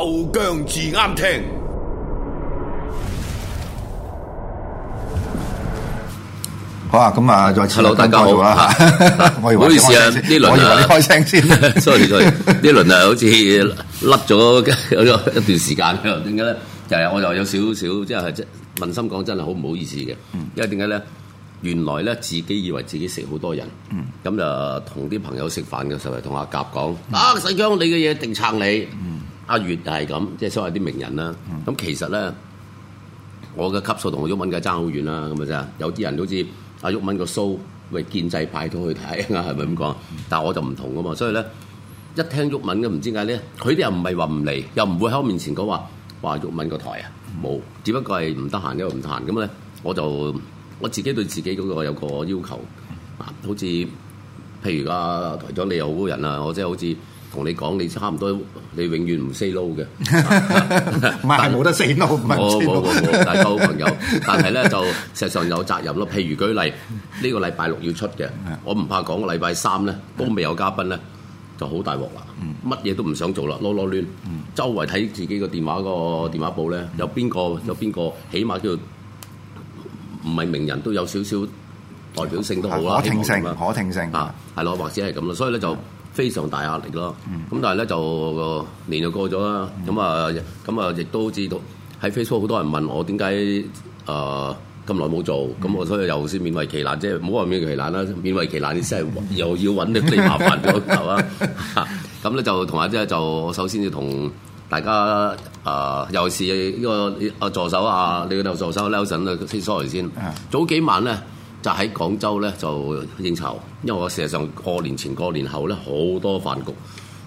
夠姜至啱聽，好啊！咁啊，再次大家好。唔好意思啊，呢輪啊，開聲先。sorry sorry，呢輪啊，好似甩咗有咗一段時間。點解咧？就係我又有少少，即係即問心講，真係好唔好意思嘅。因為點解咧？原來咧，自己以為自己食好多人，咁就同啲朋友食飯嘅時候，同阿甲講，啊，細姜你嘅嘢定撐你。阿月就係咁，即係所謂啲名人啦。咁、嗯、其實咧，我嘅級數同我毓民嘅爭好遠啦。咁啊啫，有啲人都好似阿毓民個 show，喂建制派到去睇啊，係咪咁講？但係我就唔同噶嘛。所以咧，一聽毓民嘅唔知點解咧，佢哋又唔係話唔嚟，又唔會喺我面前講話話毓民個台啊。冇，只不過係唔得閒，因為唔得閒。咁咧，我就我自己對自己嗰個有個要求啊。好似譬如阿台長你有好人啊，我即係好似。同你講，你差唔多，你永遠唔 say no 嘅，但係冇得 say no，唔係。我我我，大家好朋友，但係咧就事實上有責任咯。譬如舉例，呢個禮拜六要出嘅，我唔怕講，禮拜三咧都未有嘉賓咧，就好大鑊啦。乜嘢都唔想做啦，囉囉攣，周圍睇自己個電話個電話簿咧，有邊個有邊個，起碼叫唔係名人都有少少代表性都好啦，咁啊嘛。可聽性，可聽性啊，係咯，或者係咁咯，所以咧就。非常大壓力咯，咁、嗯、但係咧就年就過咗啦，咁啊咁啊亦都知道喺 Facebook 好多人問我點解啊咁耐冇做，咁我、嗯、所以又先勉為其難，即係唔好話勉為其難啦，勉為其難啲先係又要揾你麻煩咗係嘛？咁咧就同啊即係就首先要同大家啊，尤其是呢個啊助手啊，你嘅助手 e Nelson say 先 sorry 先，早幾晚咧。就喺廣州咧就應酬，因為我事實上過年前，過年前，過年後咧好多飯局，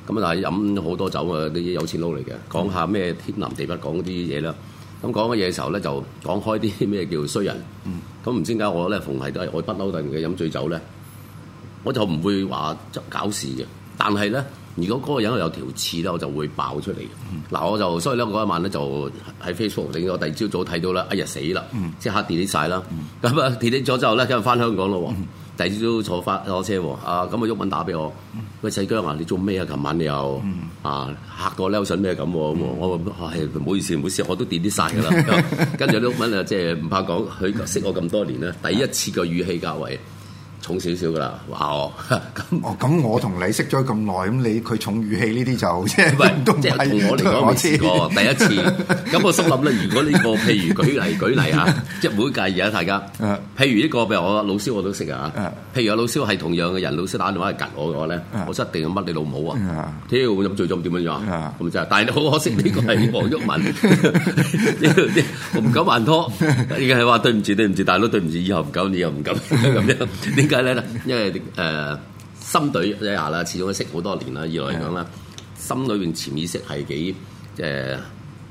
咁啊但係飲好多酒啊，呢啲有錢佬嚟嘅，講下咩天南地北講啲嘢啦。咁講嘅嘢嘅時候咧就講開啲咩叫衰人，咁唔、嗯、知點解我咧逢係都係我不嬲地嘅飲醉酒咧，我就唔會話搞事嘅，但係咧。如果嗰個人有條刺咧，我就會爆出嚟嘅。嗱、嗯，我就所以咧嗰一晚咧就喺 Facebook 整咗，第二朝早睇到啦，哎呀死啦，嗯、即刻 delete 晒啦。咁啊 delete 咗之後咧，梗係返香港咯。嗯、第二朝早坐翻坐車喎，啊咁啊鬱文打俾我，嗯、喂細姜啊，你做咩、嗯、啊？琴晚你又啊嚇個 l o 咩咁咁喎？嗯、我係唔、哎、好意思唔好意思，我都 delete 晒嘅啦。跟住咧鬱文啊，即係唔怕講，佢識我咁多年啦，第一次個語氣價位。少少噶啦，哇！咁哦，咁我同你識咗咁耐，咁你佢重語氣呢啲就即係唔係？即係同我嚟講，我試過第一次。咁我心諗咧，如果呢個譬如舉例舉例吓，即係每屆而家大家，譬如呢個譬如我老師我都識啊吓，譬如啊老師係同樣嘅人，老師打電話嚟夾我嘅話咧，我一定乜你老母啊！屌咁最重點樣樣咁就，但係好可惜呢個係黃毓民，我唔敢還拖，而係話對唔住對唔住，大佬對唔住，以後唔敢，你又唔敢咁樣，點解？ 因為誒、呃，心隊一下啦，始終都識好多年啦，二來嚟講啦，Yeah. 心裏邊潛意識係幾誒。呃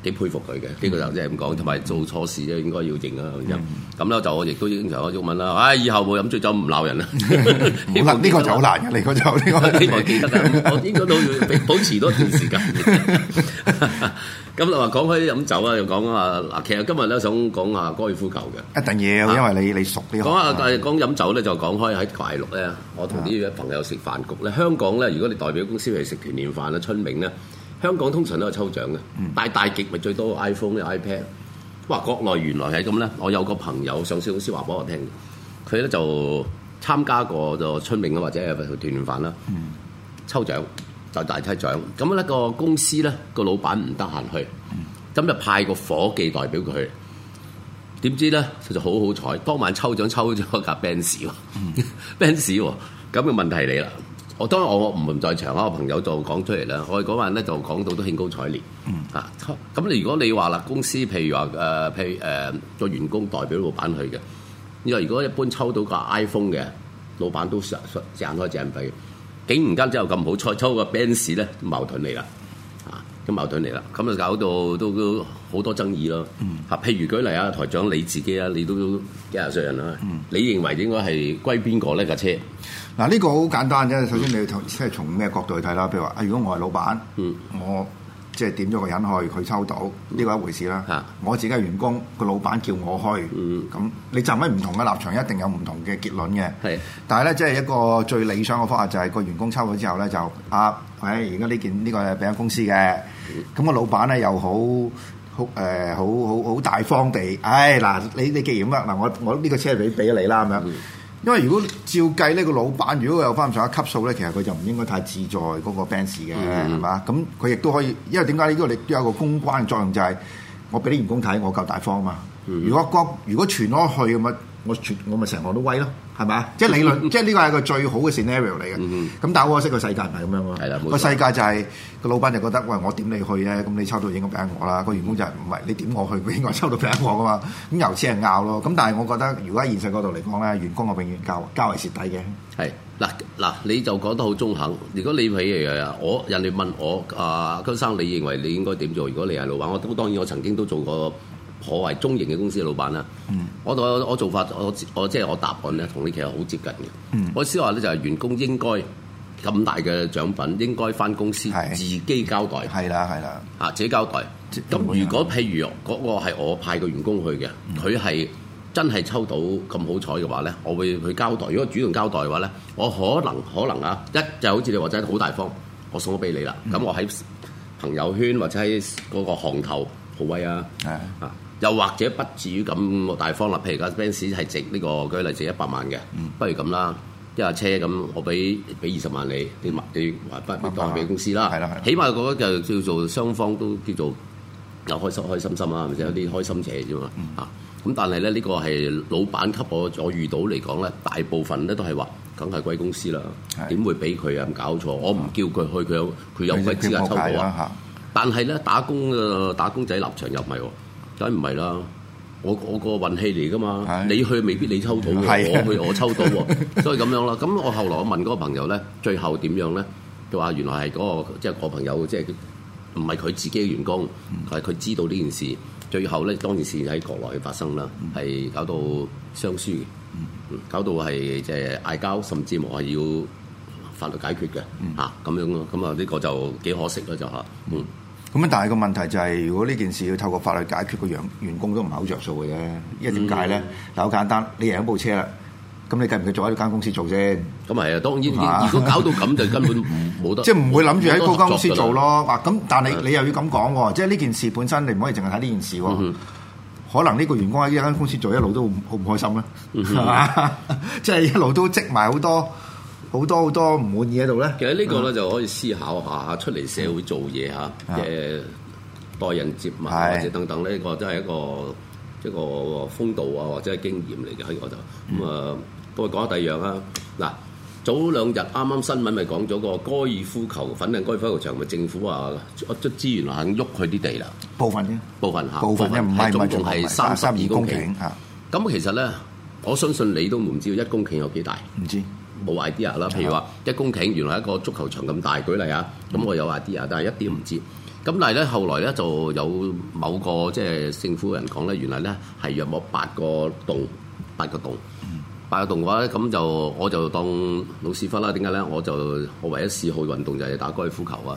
幾佩服佢嘅，呢個就即係咁講，同埋做錯事咧應該要認啦咁樣。咁啦，就我亦都應酬阿聰敏啦。唉，以後冇飲醉酒唔鬧人啦。呢個呢個就好難嘅，呢個就呢個。呢個記得啦，我應該都要保持多一段時間。咁啊話講開飲酒啊，又講啊嗱，其實今日咧想講下哥爾夫球嘅，一定要，因為你你熟啲。講下，但係講飲酒咧就講開喺大陸咧，我同呢啲朋友食飯局咧，香港咧如果你代表公司去食團年飯啦，春明咧。香港通常都係抽獎嘅，大、嗯、大極咪最多 iPhone、有 iPad。哇！國內原來係咁咧，我有一個朋友上次老師話俾我聽，佢咧就參加個過就春茗或者團年飯啦，嗯、抽獎就大出獎。咁、那、一個公司咧個老闆唔得閒去，咁就、嗯、派個伙計代表佢。點知咧，佢就好好彩，當晚抽獎抽咗架 Benz 喎，Benz 喎、嗯，咁嘅、 哦、問題嚟啦。我當然我唔唔在場啦，我朋友就講出嚟啦。我嗰晚咧就講到都興高采烈。咁你，嗯啊、如果你話啦，公司譬如話譬如誒個員工代表老闆去嘅，因為如果一般抽到個 iPhone 嘅老闆都隻眼開隻眼閉，竟然間之後咁好彩抽個 Benz 咧，矛盾嚟啦。矛盾嚟啦，咁就搞到都都好多爭議咯。嚇、嗯，譬如舉例啊，台長你自己啊，你都幾廿歲人啦，嗯、你認為應該係歸邊個呢架車？嗱，呢個好簡單啫。首先你要即係從咩角度去睇啦。譬如話啊，如果我係老闆，嗯、我即係、就是、點咗個人去，佢抽到呢、嗯、個一回事啦。啊、我自己係員工個老闆叫我去，咁、嗯、你站喺唔同嘅立場，一定有唔同嘅結論嘅。係，但係咧，即、就、係、是、一個最理想嘅方法、就是，就係個員工抽到之後咧，就啊。係，而家呢件呢、呢個保險公司嘅，咁個老闆咧又好，好誒好好好大方地，唉、哎、嗱，你你既然乜，嗱我我呢個車俾俾咗你啦咁樣，是是嗯、因為如果照計呢個老闆，如果有翻咁上下級數咧，其實佢就唔應該太自在嗰個 fans 嘅係嘛？咁佢亦都可以，因為點解呢個你都有個公關嘅作用、就是，就係我俾啲員工睇，我夠大方嘛，如果講如果傳咗去咁啊。我全我咪成行都威咯，係咪？即係理論， 即係呢個係一個最好嘅 scenario 嚟嘅。咁、嗯、哼但係可惜個世界唔係咁樣喎。個世界就係個、就是、老闆就覺得喂，我點你去咧，咁你抽到你應該畀我啦。個、嗯、員工就係唔係你點我去，佢應該抽到畀我噶嘛。咁由此係拗咯。咁但係我覺得如果喺現實角度嚟講咧，員工我永遠較，較為蝕底嘅。係嗱嗱，你就講得好中肯。如果你譬如我人哋問我啊，姜生，你認為你應該點做？如果你係老闆，我都當然我曾經都做過。可謂中型嘅公司嘅老闆啦，我我、嗯、我做法我我即係我，我答案咧，同你其實好接近嘅。嗯、我思話咧就係員工應該咁大嘅獎品應該翻公司自己交代。係啦係啦，啊自己交代。咁如果譬如嗰的、那個係我派個員工去嘅，佢係、嗯、真係抽到咁好彩嘅話咧，我會去交代。如果主動交代嘅話咧，我可能可能啊，一就好似你話齋好大方，我送咗俾你啦。咁、嗯、我喺朋友圈或者喺嗰個行頭好威啊啊～又或者不至於咁大方啦，譬如架 van 是係值呢、呢個舉例值一百萬嘅，嗯、不如咁啦，一架車咁我俾俾二十萬你，你你還返俾公司啦，嗯嗯嗯、起碼覺得就叫做雙方都叫做有開心開心心啦，係咪、嗯、有啲開心者啫嘛嚇？咁、嗯、但係咧呢、呢個係老闆級我我遇到嚟講咧，大部分咧都係話梗係歸公司啦，點、嗯、會俾佢啊？搞錯，我唔叫佢去，佢有佢有咩資格抽到啊！嗯、但係咧打工嘅打工仔立場又唔係喎。梗唔係啦，我我個運氣嚟噶嘛，的你去未必你抽到，是的 我去我抽到，所以咁樣啦。咁我後來我問嗰個朋友咧，最後點樣咧？佢話原來係嗰、嗰個，即係個朋友，即係唔係佢自己嘅員工，係佢、嗯、知道呢件事。最後咧，當件事喺國內發生啦，係、嗯、搞到雙輸，嗯、搞到係即係嗌交，甚至乎係要法律解決嘅嚇咁樣咯。咁啊呢個就幾可惜啦就嚇。嗯咁但係個問題就係、是，如果呢件事要透過法律解決，個員員工都唔係好着數嘅啫。因為點解咧？嗱、嗯哼，好簡單，你贏一部車啦，咁你繼唔繼續喺呢間公司做先？咁咪係啊，當然吧如果搞到咁，就根本唔冇得。 即係唔會諗住喺嗰間公司做咯。啊，咁但你，你又要咁講喎？即係呢件事本身，你唔可以淨係睇呢件事喎。嗯、哼可能呢個員工喺呢間公司做一路都好唔開心啦，係嘛、嗯哼？ 即係一路都積埋好多。好多好多唔滿意喺度咧。其實呢個咧就可以思考下出嚟社會做嘢嚇嘅待人接物或者等等，呢個都係一個一個風度啊，或者係經驗嚟嘅喺嗰度。咁啊，都係講下第二樣啦。嗱，早兩日啱啱新聞咪講咗個高爾夫球粉嶺，高爾夫球場咪政府話出資源肯喐佢啲地啦。部分啫，部分嚇，部分啫，唔係唔係，仲係三三二公頃嚇。咁其實咧，我相信你都唔知道一公頃有幾大，唔知。冇 idea 啦，譬如話一公頃原來一個足球場咁大，舉例啊，咁我有 idea，但係一啲唔知。咁但係咧後來咧就有某個即係政府人講咧，原來咧係約莫八個洞，八個洞，八個洞嘅話咧，咁就我就當老屎忽啦。點解咧？我就我唯一嗜好運動就係打高爾夫球啊。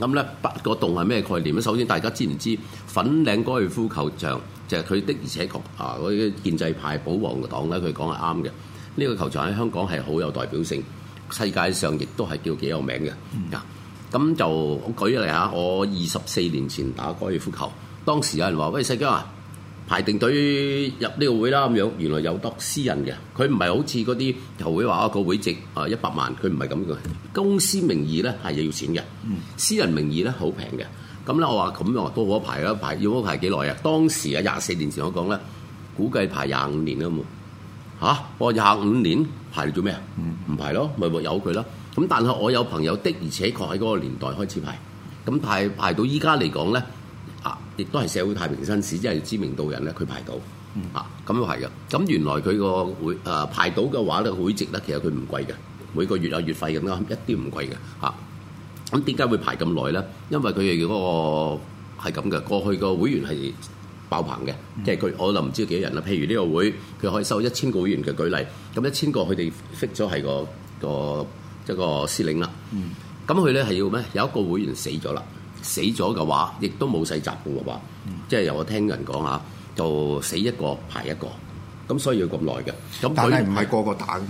咁咧、嗯、八個洞係咩概念咧？首先大家知唔知粉嶺高爾夫球場就係、是、佢的而且確啊嗰啲建制派保皇黨咧，佢講係啱嘅。呢個球場喺香港係好有代表性，世界上亦都係叫幾有名嘅。嗱、嗯，咁就我舉例下，我二十四年前打高爾夫球，當時有人話，喂，世嘉、啊，排定隊入呢個會啦，咁樣。原來有得私人嘅，佢唔係好似嗰啲球會話個、啊、會籍啊一百萬，佢唔係咁嘅。公司名義咧係要錢嘅，嗯、私人名義咧好平嘅。咁咧我話咁樣都好排啊排，要好排幾耐啊？當時啊廿四年前我講咧，估計排廿五年啦冇。嚇、啊！我廿五年排嚟做咩啊？唔、嗯、排咯，咪、就、咪、是、有佢咯。咁但係我有朋友的，而且確喺嗰個年代開始排，咁排排到依家嚟講咧，啊，亦都係社會太平紳士，即係知名度人咧，佢排到啊，咁都係嘅。咁、嗯、原來佢個會排到嘅話咧，會籍。其實佢唔貴嘅，每個月有月費咁樣，一啲唔貴嘅嚇。咁點解會排咁耐咧？因為佢哋嗰個係咁嘅，過去個會員係。爆棚嘅，即係佢我就唔知幾多人啦。譬如呢個會，佢可以收一千個會員嘅，舉例，咁一千個佢哋識咗係個個一個司令啦。咁佢咧係要咩？有一個會員死咗啦，死咗嘅話，亦都冇使集嘅話，嗯、即係由我聽人講吓，就死一個排一個，咁所以要咁耐嘅。咁佢唔係個個打。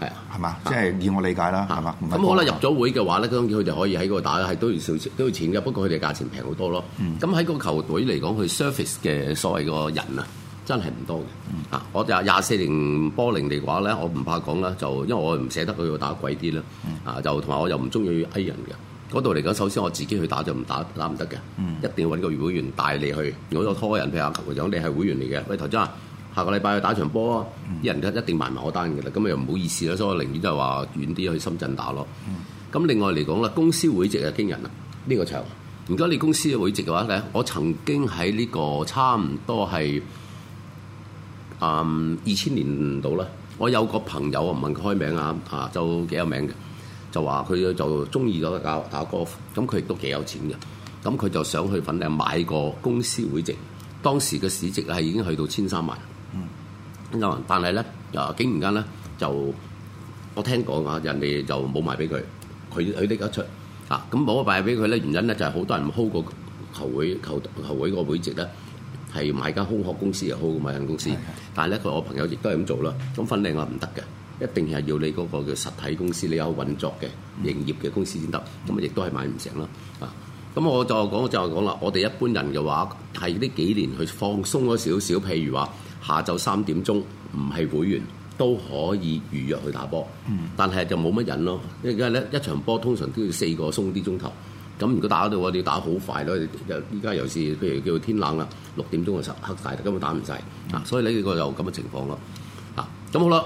係啊，係嘛？即係以我理解啦，係嘛？咁可能入咗會嘅話咧，當然佢哋可以喺嗰度打啦，係都要少都要錢嘅，不過佢哋價錢平好多咯。咁喺個球隊嚟講，佢 service 嘅所謂個人啊，真係唔多嘅。啊，我廿廿四年波寧嚟嘅話咧，我唔怕講啦，就因為我唔捨得佢要打貴啲啦。啊，就同埋我又唔中意蝦人嘅嗰度嚟講，首先我自己去打就唔打打唔得嘅，一定要揾個會員帶你去，如果我拖人譬如阿球長，你係會員嚟嘅。喂，頭先。啊！下個禮拜去打場波啊！啲人一一定埋埋我單嘅啦，咁啊又唔好意思啦，所以我寧願就係話遠啲去深圳打咯。咁另外嚟講啦，公司會籍啊驚人啊！呢個場如果你公司嘅會籍嘅話咧，我曾經喺呢個差唔多係誒二千年度啦。我有個朋友啊，唔問佢開名啊啊，就幾有名嘅，就話佢就中意咗打打 golf。咁佢亦都幾有錢嘅，咁佢就想去粉嶺買個公司會籍。當時嘅市值係已經去到千三萬。嗯，但係咧，啊，竟然間咧就我聽講啊，人哋就冇賣俾佢，佢佢拎得出啊。咁冇得賣俾佢咧，原因咧就係、是、好多人 hold 個球會球球會個會籍咧，係買間空殼公司又 hold 個買間公司。是的但係咧，我朋友亦都係咁做啦。咁分領我唔得嘅，一定係要你嗰個叫實體公司，你有運作嘅營業嘅公司先得。咁、嗯、啊，亦都係買唔成啦啊。咁我就講就講啦，我哋一般人嘅話係呢幾年去放鬆咗少少，譬如話。下晝三點鐘唔係會員都可以預約去打波，嗯、但係就冇乜人咯。因為咧一場波通常都要四個鬆啲鐘頭，咁如果打到我哋打好快咯。依家又是譬如叫天冷啦，六點鐘嘅時候黑晒，根本打唔晒。嗯、所以呢個就咁嘅情況咯。啊，咁好啦，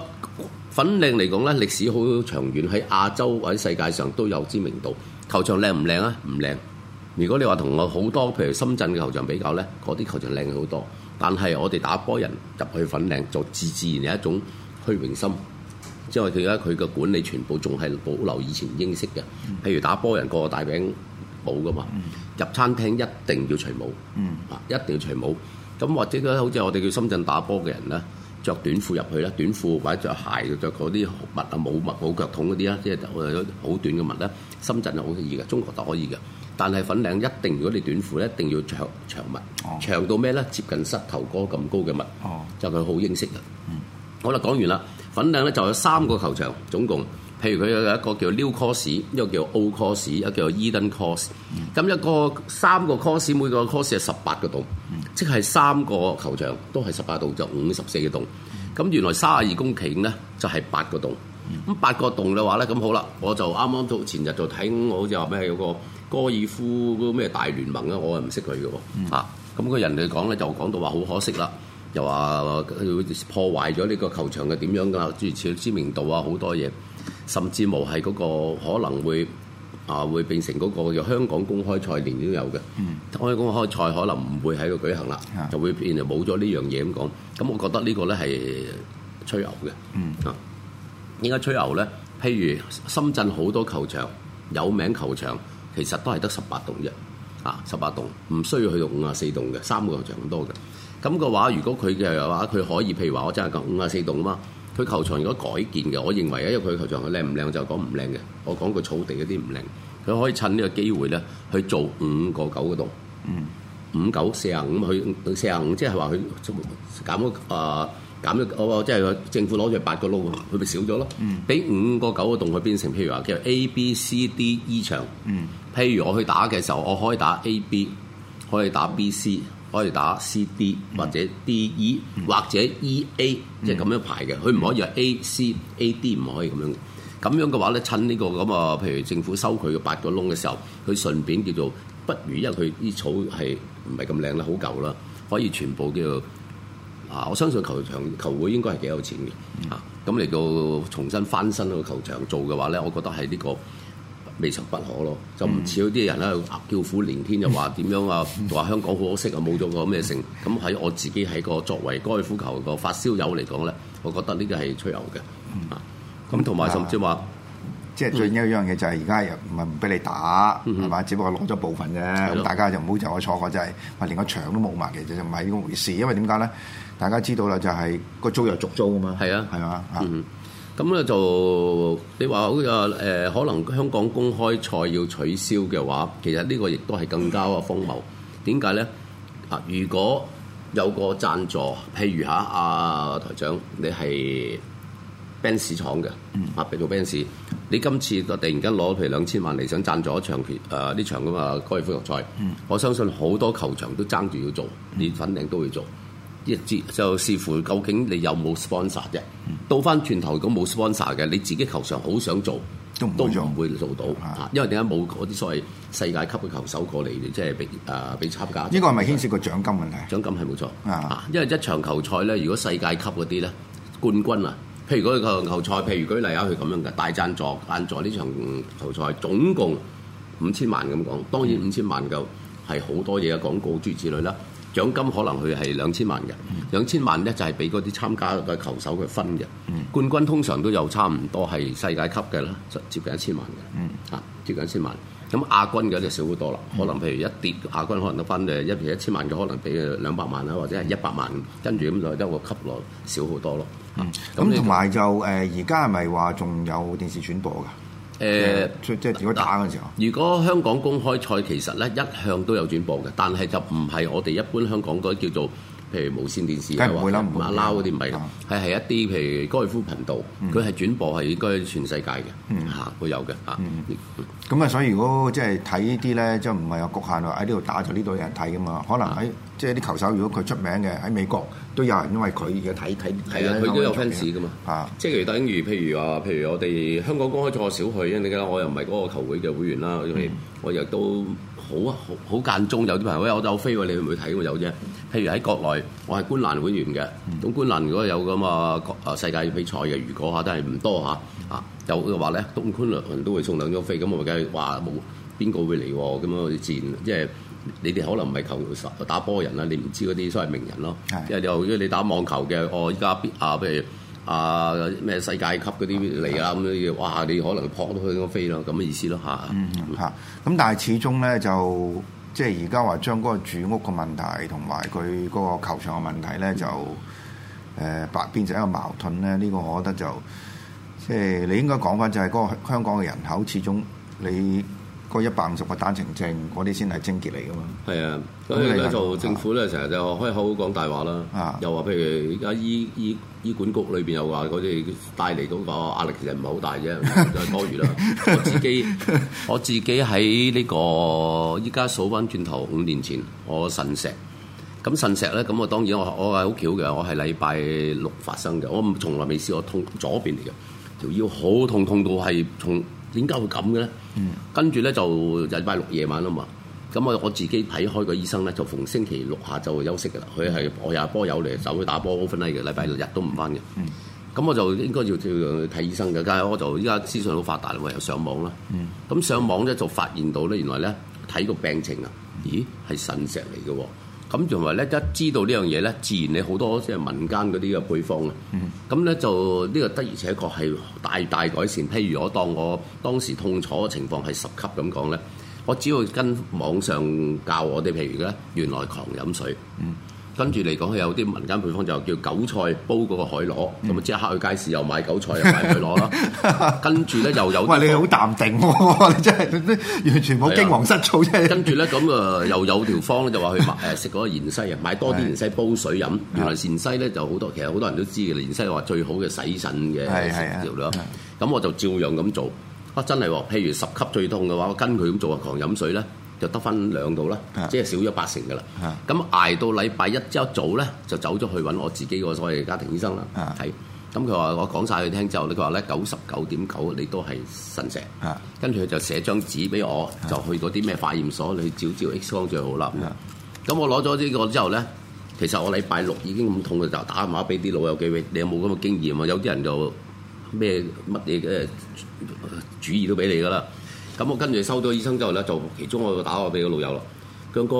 粉嶺嚟講呢，歷史好長遠，喺亞洲或者世界上都有知名度。球場靚唔靚啊？唔靚。如果你話同我好多譬如深圳嘅球場比較呢，嗰啲球場靚好多。但係我哋打波人入去粉嶺，就自自然有一種虛榮心。即係我哋而家佢嘅管理全部仲係保留以前英式嘅，譬如打波人個個大餅帽噶嘛，入餐廳一定要除帽，啊，一定要除帽。咁或者好似我哋叫深圳打波嘅人咧，着短褲入去啦，短褲或者着鞋，着嗰啲襪啊、冇襪、冇腳筒嗰啲啦，即係好短嘅襪啦。深圳就好得意嘅，中國就可以嘅。但係粉嶺一定，如果你短褲咧，一定要長長襪，長、哦、長到咩咧？接近膝頭哥咁高嘅襪，哦、就佢、嗯、好英式嘅好啦，講完啦。粉嶺咧就有三個球場，總共，譬如佢有一個叫 New Course，一個叫、o、Old Course，一個叫 Eden Course。咁、嗯、一個三個 course 每個 course 係十八個洞，嗯、即係三個球場都係十八洞就五十四個洞。咁、嗯、原來卅二公頃咧就係、是、八個洞。咁八、嗯、個洞嘅話咧，咁好啦，我就啱啱到前日就睇我好似話咩有個哥爾夫咩大聯盟啊，我係唔識佢嘅嚇。咁個、嗯、人嚟講咧，就講到話好可惜啦，又話佢破壞咗呢個球場嘅點樣噶，諸如此類知名度啊，好多嘢，甚至無係嗰個可能會啊會變成嗰個香港公開賽年都有嘅。香港、嗯、公開賽可能唔會喺度舉行啦，嗯、就會變就冇咗呢樣嘢咁講。咁我覺得這個是、嗯、呢個咧係吹牛嘅啊。點解吹牛咧？譬如深圳好多球場有名球場。其實都係得十八棟啫，啊，十八棟唔需要去到五十四棟嘅，三個球場咁多嘅。咁嘅話，如果佢嘅話，佢可以，譬如話我真係講五十四棟啊嘛。佢球場如果改建嘅，我認為因為佢球場佢靚唔靚我就講唔靚嘅，我講個草地嗰啲唔靚。佢可以趁呢個機會咧，去做五個九個棟，嗯，五九四十五去到四十五，即係話佢減咗啊，減咗，即係話政府攞咗八個窿，佢咪少咗咯？嗯，俾五個九個棟去變成譬如話叫 A、B、C、D、E 場，嗯。譬如我去打嘅時候，我可以打 A B，可以打 B C，可以打 C D 或者 D E、嗯、或者 E A，即係咁樣排嘅。佢唔、嗯、可以係 A C A D 唔可以咁樣。咁樣嘅話咧，趁呢、呢個咁啊，譬如政府收佢嘅八個窿嘅時候，佢順便叫做不如因為佢啲草係唔係咁靚啦，好舊啦，可以全部叫做啊！我相信球場球會應該係幾有錢嘅嚇，咁嚟到重新翻新個球場做嘅話咧，我覺得係呢、呢個。未嘗不可咯，就唔似啲人咧叫苦連天，又話點樣啊？又話香港好可惜啊，冇咗個咩城。咁喺我自己喺個作為高爾夫球個發燒友嚟講咧，我覺得呢個係吹牛嘅。咁同埋甚至話，即係、啊就是、最緊要一樣嘢就係而家又唔係唔俾你打係嘛、嗯？只不過攞咗部分啫，咁的大家就唔好就我錯過就係話連個場都冇埋其嘅，就唔係呢個回事。因為點解咧？大家知道啦、就是，就係個租又續租啊嘛。係啊，係啊。嗯。咁咧就你話好啊？可能香港公開賽要取消嘅話，其實呢個亦都係更加嘅荒謬。點解咧？啊，如果有個贊助，譬如下阿、啊、台長，你係 Benz 廠嘅、嗯，啊，做 Benz 你今次突然間攞譬如兩千萬嚟想贊助一場誒呢、呃、場咁嘅開闊賽，嗯、我相信好多球場都爭住要做，連粉嶺都會做。一接就視乎究竟你有冇 sponsor 啫。到翻轉頭咁冇 sponsor 嘅，你自己球場好想做，都做都唔會做到。吧因為點解冇嗰啲所謂世界級嘅球手過嚟，即係俾誒俾參加。個是是呢個係咪牽涉個獎金問題？獎金係冇錯。因為一場球賽咧，如果世界級嗰啲咧，冠軍啊，譬如嗰個球賽，譬如舉例啊，佢咁樣嘅大贊助贊助呢場球賽，總共五千萬咁講。當然五千萬夠係好多嘢，廣告諸如此類啦。獎金可能佢係兩千萬嘅，兩千、嗯、萬咧就係俾嗰啲參加嘅球手去分嘅。嗯、冠軍通常都有差唔多係世界級嘅啦，接近一千萬嘅。嗯、啊，接近一千萬。咁、啊、亞軍嘅就少好多啦，嗯、可能譬如一跌亞軍可能得分誒，一譬如一千萬嘅可能俾兩百萬啦，或者係一百萬。跟住咁就一個級數少好多咯。嗯，咁同埋就誒，而家係咪話仲有電視轉播嘅？誒、呃、即係如果打嘅時候，如果香港公開賽其實咧一向都有轉播嘅，但係就唔係我哋一般香港嗰啲叫做譬如無線電視不會啦，或者馬撈嗰啲唔係㗎，係係一啲譬如高爾夫頻道，佢係、嗯、轉播係喺全世界嘅嚇，嗯、會有嘅嚇。咁啊、嗯，嗯、所以如果即係睇呢啲咧，即係唔係有局限話喺呢度打就呢度有人睇㗎嘛？可能喺、嗯、即係啲球手，如果佢出名嘅喺美國。都有人因為佢而睇睇，係啊，佢都有 fans 噶、嗯、嘛，啊，即係等於譬如話、啊，譬如我哋香港公開賽我少去，你記得我又唔係嗰個球會嘅會員啦，嗯、我亦都好好間中有啲朋友咧、哎，我有飛喎，你去唔去睇咁有啫？譬如喺國內，我係觀瀾會員嘅，咁、嗯、觀瀾如果有咁啊啊世界比賽嘅，如果嚇都係唔多嚇啊，有嘅話咧，東觀瀾都會送兩張飛，咁我咪梗係話冇邊個會嚟喎、啊？咁樣我哋自然即係。你哋可能唔係球打波人啦，你唔知嗰啲所謂名人咯，是的 因係又如果你打網球嘅，我依家啊，譬如啊咩世界級嗰啲嚟啊咁樣哇！你可能撲到佢個飛咯，咁嘅意思咯嚇。嗯咁、嗯、但係始終咧就即係而家話將嗰個住屋嘅問題同埋佢嗰個球場嘅問題咧就誒變、呃、變成一個矛盾咧，呢、這個我覺得就即係、就是、你應該講返就係嗰個香港嘅人口始終你。嗰一百五十個單程證，嗰啲先係症結嚟噶嘛。係啊，咁你做、政府咧，成日就開口講大話啦。啊、又話譬如而家醫醫醫管局裏邊又話嗰啲帶嚟嗰個壓力其實唔係好大啫， 就係多餘啦。我自己 我自己喺呢、呢個依家數翻轉頭五年前，我腎石。咁腎石咧，咁我當然我我係好巧嘅，我係禮拜六發生嘅，我從來未試過痛左邊嚟嘅，條腰好痛痛到係痛。點解會咁嘅咧？嗯、跟住咧就就禮拜六夜晚啊嘛，咁我我自己睇開個醫生咧，就逢星期六下晝會休息嘅啦。佢係、嗯、我有波友嚟，走去打波 open d 嘅，禮拜六日都唔翻嘅。咁、嗯、我就應該要要睇醫生嘅，梗係我就依家思想好發達啦，我又上網啦。咁、嗯、上網咧就發現到咧，原來咧睇個病情啊，咦係腎石嚟嘅喎。咁仲話咧一知道呢樣嘢咧，自然你好多即係民間嗰啲嘅配方啊。咁咧、嗯、就呢、呢個的而且確係大大改善。譬如我當我當時痛楚嘅情況係十級咁講咧，我只要跟網上教我哋，譬如咧原來狂飲水。嗯跟住嚟講，佢有啲民間配方就叫韭菜煲嗰個海螺，咁啊即刻去街市又買韭菜又買， 又買海螺啦。跟住咧又有，喂你好淡定喎！你真係完全冇驚惶失措，真係、啊。跟住咧咁啊，又有條方咧就話去食嗰 個芫茜啊，買多啲芫茜煲水飲。原來芫茜咧就好多，其實好多人都知嘅芫茜係話最好嘅洗腎嘅食療。咁我就照樣咁做。啊，真係喎！譬如十級最痛嘅話，我跟佢咁做啊，狂飲水咧。就得分兩度啦，即係的少咗八成噶啦。咁的捱到禮拜一朝一早咧，就走咗去揾我自己個所謂家庭醫生啦，咁佢話我講晒佢聽之後，佢話咧九十九點九，你都係腎石。的跟住佢就寫張紙俾我，的就去嗰啲咩化驗所，你照照 X 光最好啦。咁的我攞咗呢個之後咧，其實我禮拜六已經咁痛嘅就打電話俾啲老友記，你有冇咁嘅經驗啊？有啲人就咩乜嘢嘅主意都俾你噶啦。咁我跟住收到醫生之後咧，就其中我打我俾個老友咯，姜哥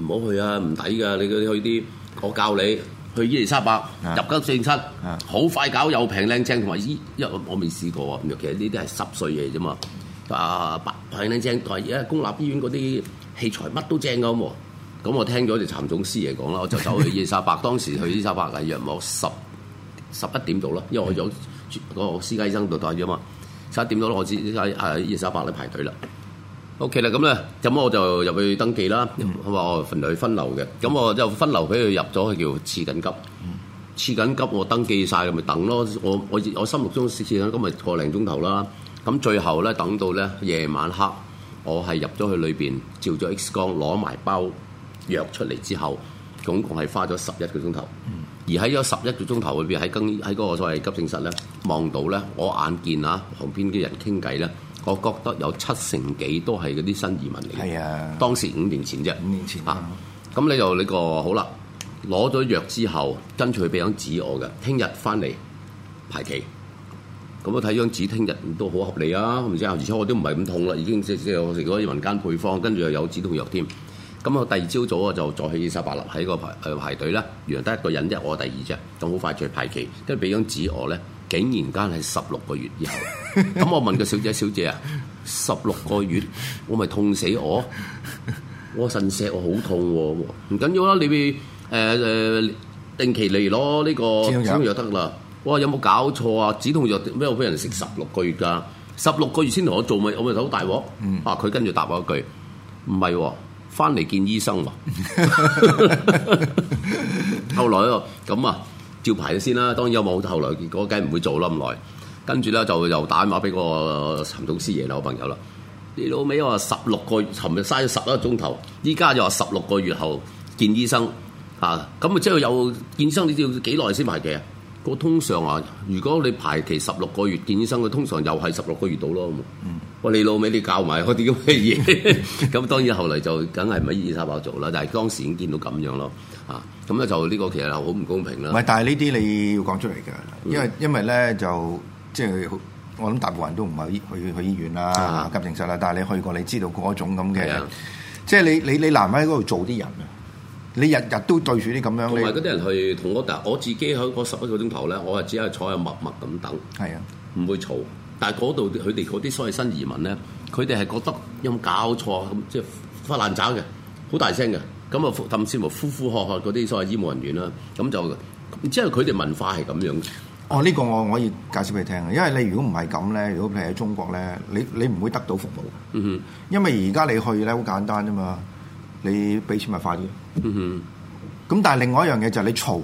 唔好去啊，唔抵㗎！你啲去啲，我教你去伊利沙伯、啊、入急症室，好、啊、快搞又平靚正，同埋醫，因為我未試過啊。其實呢啲係濕碎嘢啫嘛，啊，平靚正同埋而家公立醫院嗰啲器材乜都正噶喎。咁我聽咗就陳總師爺講啦，我就走去伊利沙伯， 當時去伊利沙伯嘅約莫十十一點度啦，因為我有個私家醫生在度咗嘛。七點多咯，我知啲曬二十八咧排隊啦。O K 啦，咁咧，咁我就入去登記啦。我話、mm hmm. 我分流分流嘅，咁我就分流俾佢入咗佢叫次緊急。嗯。次緊急我登記曬，咪等咯。我我我心目中次緊急咪個零鐘頭啦。咁最後咧等到咧夜晚黑，我係入咗去裏邊照咗 X 光，攞埋包藥出嚟之後，總共係花咗十一個鐘頭。嗯、mm。Hmm. 而喺咗十一個鐘頭，我變喺喺嗰個所謂急症室咧望到咧，我眼見啊旁邊啲人傾偈咧，我覺得有七成幾都係嗰啲新移民嚟嘅。係啊，當時五年前啫，五年前咁、啊啊、你就呢個好啦，攞咗藥之後，跟住佢俾張紙我嘅，聽日翻嚟排期。咁我睇張紙，聽日都好合理啊，唔知啊，而且我都唔係咁痛啦，已經即即係啲民間配方，跟住又有止痛藥添。咁我第二朝早我就再去二十八樓喺個排誒排隊啦，原來得一個人啫，我只第二啫，咁好快出去排期，跟住俾張紙我咧，竟然間係十六個月以後。咁 我問個小姐小姐啊，十六個月我咪痛死我，我腎石我好痛喎，唔緊要啦，你誒誒、呃呃、定期嚟攞呢個止痛藥得啦。哇，有冇搞錯啊？止痛藥咩會俾人食十六個月噶？十六個月先同我做咪，我咪搞大鑊。嗯、啊，佢跟住答我一句，唔係喎。翻嚟見醫生喎， 後來喎咁啊，照排咗先啦。當然有冇後來結果，梗唔會做啦咁耐。跟住咧就又打電話俾個陳總師爺啦，個朋友啦。你老尾話十六個月，尋日嘥咗十一個鐘頭，依家又話十六個月後見醫生嚇，咁啊即係有見醫生，你知要幾耐先排期？我通常啊，如果你排期十六個月見醫生，佢通常又係十六個月到咯。嗯。我你老味，你教埋嗰啲咁嘅嘢，咁 當然後嚟就梗係唔係二三八做啦？但係當時已經見到咁樣咯，啊，咁咧就呢個其實好唔公平啦。唔係，但係呢啲你要講出嚟㗎，因為因為咧就即係、就是、我諗大部分人都唔係去去醫院啦、啊啊、急症室啦，但係你去過，你知道嗰種咁嘅，即係、啊、你你你難喺嗰度做啲人，你日日都對住啲咁樣同埋嗰啲人去同我搭，我自己喺個十一個鐘頭咧，我係只係坐喺默默咁等，係啊，唔會嘈。但係嗰度佢哋嗰啲所謂新移民咧，佢哋係覺得有冇、嗯、搞錯咁、嗯，即係發爛渣嘅，好大聲嘅。咁、嗯、啊，甚至乎呼呼喝喝嗰啲所謂醫務人員啦，咁、嗯、就之後佢哋文化係咁樣嘅。哦、啊，呢、啊、個我可以介紹俾你聽嘅，因為你如果唔係咁咧，如果你喺中國咧，你你唔會得到服務。嗯哼。因為而家你去咧好簡單啫嘛，你俾錢咪快啲。嗯哼。咁但係另外一樣嘢就係你嘈。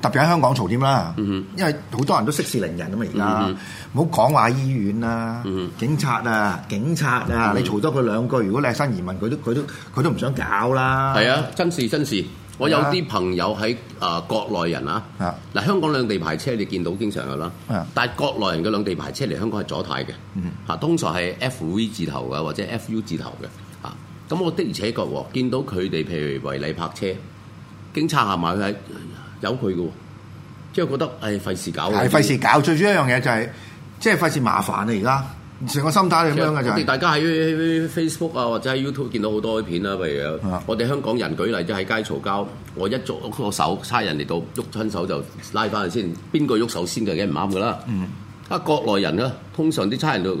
特別喺香港嘈添啦，因為好多人都息事寧人咁啊！而家唔好講話醫院啦、啊、嗯、哼警察啊、警察啊，嗯、哼你嘈多佢兩句，如果你係新移民，佢都佢都佢都唔想搞啦。係啊，真事真事，是啊、我有啲朋友喺啊、呃、國內人啊，嗱、啊、香港兩地牌車你見到經常有啦，是啊、但係國內人嘅兩地牌車嚟香港係左軚嘅，嚇、啊、通常係 FV 字頭啊或者 FU 字頭嘅，嚇、啊、咁我的而且確喎，見到佢哋譬如違例泊車，警察行埋去喺。有佢嘅，即係覺得誒，費事搞。係費事搞，最主要一樣嘢就係、是，即係費事麻煩啊！而家成個心態咁樣嘅就係、是。大家喺 Facebook 啊，或者喺 YouTube 見到好多啲片啦。譬如的我哋香港人舉例，即係喺街嘈交，我一捉攞手，差人嚟到喐親手就拉翻去先。邊個喐手先就已經唔啱嘅啦。嗯。啊，國內人咧，通常啲差人就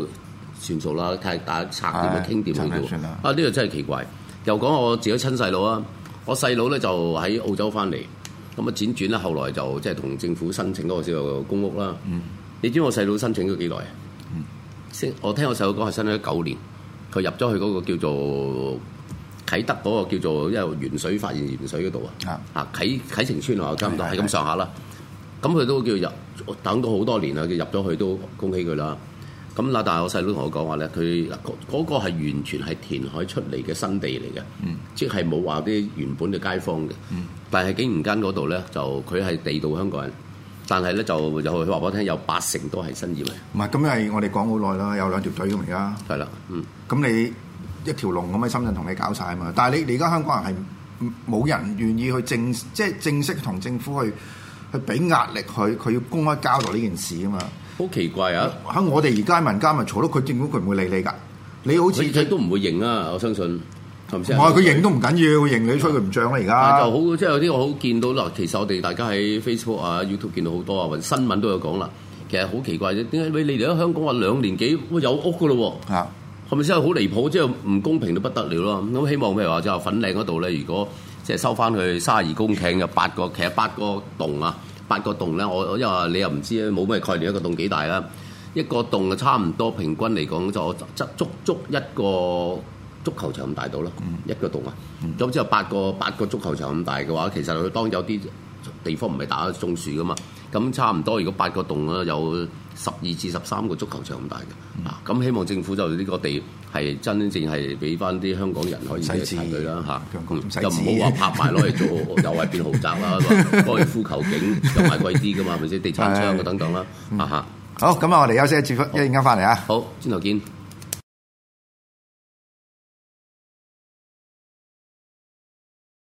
算數啦，睇打拆掂的去傾掂佢。的啊，呢、這個真係奇怪。又講我自己親細佬啊，我細佬咧就喺澳洲翻嚟。咁啊，輾轉啦，後來就即係同政府申請嗰個叫做公屋啦。嗯，你知我細佬申請咗幾耐啊？嗯，先我聽我細佬講係申請咗九年，佢入咗去嗰個叫做啟德嗰個叫做因為原水發現鹽水嗰度啊，啊啟啟晴邨啊，差唔多係咁上下啦。咁佢的的都叫入，等到好多年啦，佢入咗去都恭喜佢啦。咁啦，但係我細佬同我講話咧，佢嗱嗰個係完全係填海出嚟嘅新地嚟嘅，嗯、即係冇話啲原本嘅街坊嘅。嗯、但係竟然間嗰度咧，就佢係地道香港人，但係咧就佢話俾我聽有八成都係新業新移民。唔係，咁係我哋講好耐啦，有兩條腿咁而家。係啦，嗯，咁你一條龍咁喺深圳同你搞晒啊嘛。但係你你而家香港人係冇人願意去正即、即係、正式同政府去去俾壓力，佢佢要公開交代呢件事啊嘛。好奇怪啊！喺我哋而家民間咪坐到佢政府佢唔會理你噶。你好似佢都唔會認啊！我相信，係咪先？我話佢認都唔緊要，認你衰佢唔漲啦而家。就好即係有啲我好見到啦。其實我哋大家喺 Facebook 啊、YouTube 見到好多啊，或者新聞都有講啦。其實好奇怪啫，點解你哋喺香港話兩年幾有屋噶咯、啊？係咪真係好離譜？即係唔公平到不得了咯。咁希望譬如話就係、粉嶺嗰度咧，如果即係收翻去三十二公頃嘅八個其實八個洞啊！八個洞咧，我因為你又唔知咧，冇咩概念一個洞幾大啦。一個洞啊，洞就差唔多平均嚟講就足足一個足球場咁大到咯。一個洞啊，咁、嗯、總之有八個八個足球場咁大嘅話，其實當有啲地方唔係打種樹噶嘛。咁差唔多，如果八個洞有十二至十三個足球場咁大嘅。咁希望政府就呢個地。係真正係俾翻啲香港人可以去睇佢啦嚇，又唔好話拍埋攞嚟做，又係變豪宅啦，哥爾夫球場又賣貴啲㗎嘛，係咪先？地產商啊等等啦，吓，嗯啊、好，咁啊，我哋休息一陣間翻嚟啊！好，轉頭見。